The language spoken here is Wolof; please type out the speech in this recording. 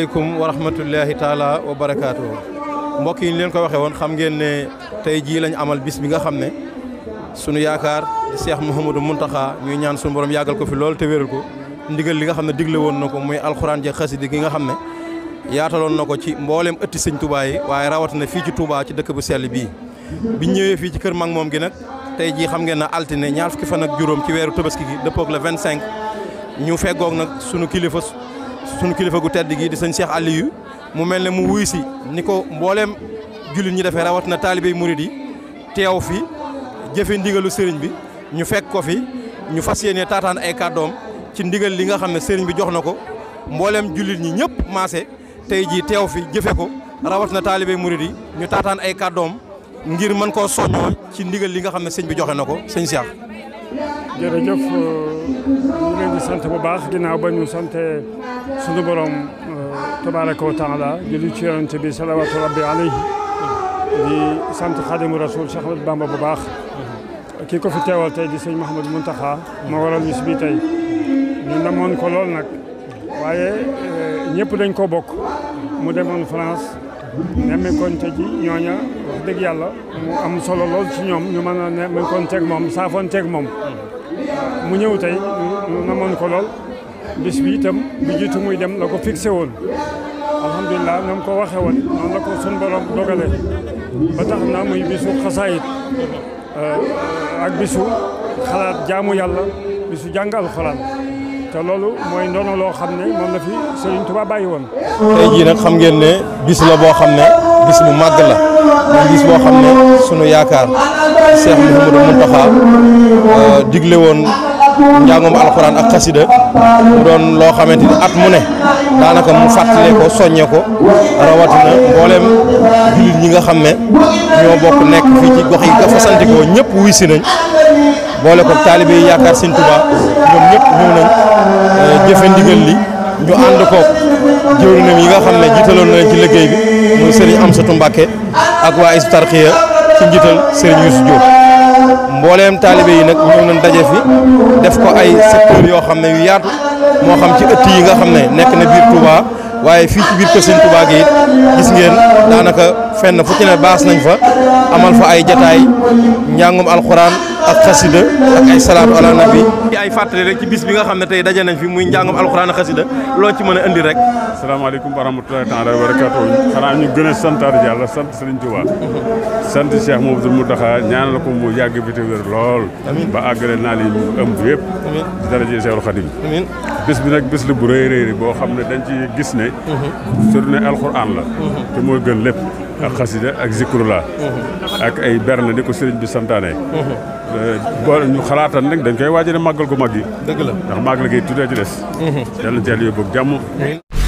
aleykum wa rahmatullahi taala wa barakaatu mbokk yi ñu leen ko waxee woon xam ngeen ne tey jii lañ amal bis bi nga xam ne sunu yaakaar di seex Mouhamadou xaa ñuy ñaan sunu boroom yàggal ko fi loolu te wéral ko ndigal li nga xam ne digle woon na ko muy alxuraan ja xasidi gi nga xam ne yaataloon na ko ci mbooleem ëtti sëñ Touba yi waaye rawatina fii ci Touba ci dëkk bu sell bii biñ ñëwee fii ci kër mag moom gi nag tey jii xam ngeen na altine ñaar fukki fan ak juróom ci weeru tabaski gi dëppoog le 25 ñu feggoog nag sunu kilifa sunu kilifa gu tedd gi di sëñ Cheikh Aliou mu mel ne mu wuy si ni ko mbooleem julit ñi defee na taalibe murid yi teew fi jëfe ndigalu sëriñ bi ñu fekk ko fi ñu fas yéene taataan ay kàddoom ci ndigal li nga xam ne sëriñ bi jox na ko mbooleem jullit ñi ñëpp maase tey jii teew fi jëfe ko rawatina taalibe murid yi ñu taataan ay kàddoom ngir mën koo soññoo ci ndigal li nga xam ne sëñ bi joxe na ko sëñ Cheikh jërëjëf euh, ñu leen di sant bu baax ginnaaw ba ñu sante sunu borom euh, tabaraka wa taala julli ci yonent bi salawaatu rabbi alayhi di sant xadimu rasul Cheikh Bamba bu baax kii ko fi teewal tey di sëñ Mouhamadou Mountakha moo waral bis bi tey ñu ko lool nag waaye euh, ñëpp dañ ko bokk mu demoon France nemmeekonte ji ñooña wax dëgg yàlla am solo lool ci ñoom ñu ma mën a nemmeekonteeg moom saafoonteeg moom mu ñëw tey ñu namoon ko lool bis bi bu jiitu muy dem la ko fixé woon alhamdulilah na mu ko waxee woon noonu la ko sun borom dogale ba tax na muy bisu xasaayit euh, ak bisu xalaat jaamu yàlla bisu jàngal xoraan te loolu mooy ndono loo xam ne moom la fi Serigne Touba bàyyi woon. tey jii xam ngeen ne bis la boo xam ne. bis bu màgg la muy boo xam ne sunu yaakaar Cheikh Mouhamadou Mountakha euh, digle woon njàngum alxuraan ak xasida mu doon loo xamante ni at mu ne daanaka mu fàttale ko soññe ko rawatina mboolem jullit ñi nga xam ne ñoo bokk nekk fii ci gox yi nga fasantikoo ñëpp wuy si nañ ko taalibe yi yaakaar Sëñ Tuubaa ñoom ñëpp ñëw nañ euh, jëfe ndigal li ñu ànd ko jëwriñam nga xam ne jiitaloon nañ ci liggéey bi sëriñ Amsatu Mbàkke ak waa Hizbut Tarqiyyah ci njiital sëriñ Youssou Diop mbooleem taalibe yi nag ñëw nañ daje fi def ko ay secteur yoo xam ne yu yaatu moo xam ci ëtt yi nga xam ne nekk na biir Touba waaye fii ci biir kër Sëñ Tuubaa gis ngeen daanaka fenn fu ne baas nañ fa amal fa ay jataay njàngum alxuraan ak xasida ak ay salaatu ala nabi ci ay fàttali rek ci bis bi nga xam ne tey daje nañ fi muy njàngum alxuraan ak xasida loo ci mën a indi rek asalaamaaleykum wa rahmatullahi taala wa barakatuh xanaa ñu gën a santaat yàlla sant si Tuubaa sant Cheikh Mouhamadou Mountakha ñaanal ko mu yàgg bi te lool ba àggale naa li ëmb yëpp daraje bi nag bis la boo xam ne dañ ci gis ne journée alxuraan la te mooy gën lépp a xasida ak zikrullah a ay berne ni ko sëriñ bi santaane boo ñu xalaatan nag dañ koy waajale màggal gu mag yi dëgg la ndax màggal gi tuddee ci des yàlla na ci yàlla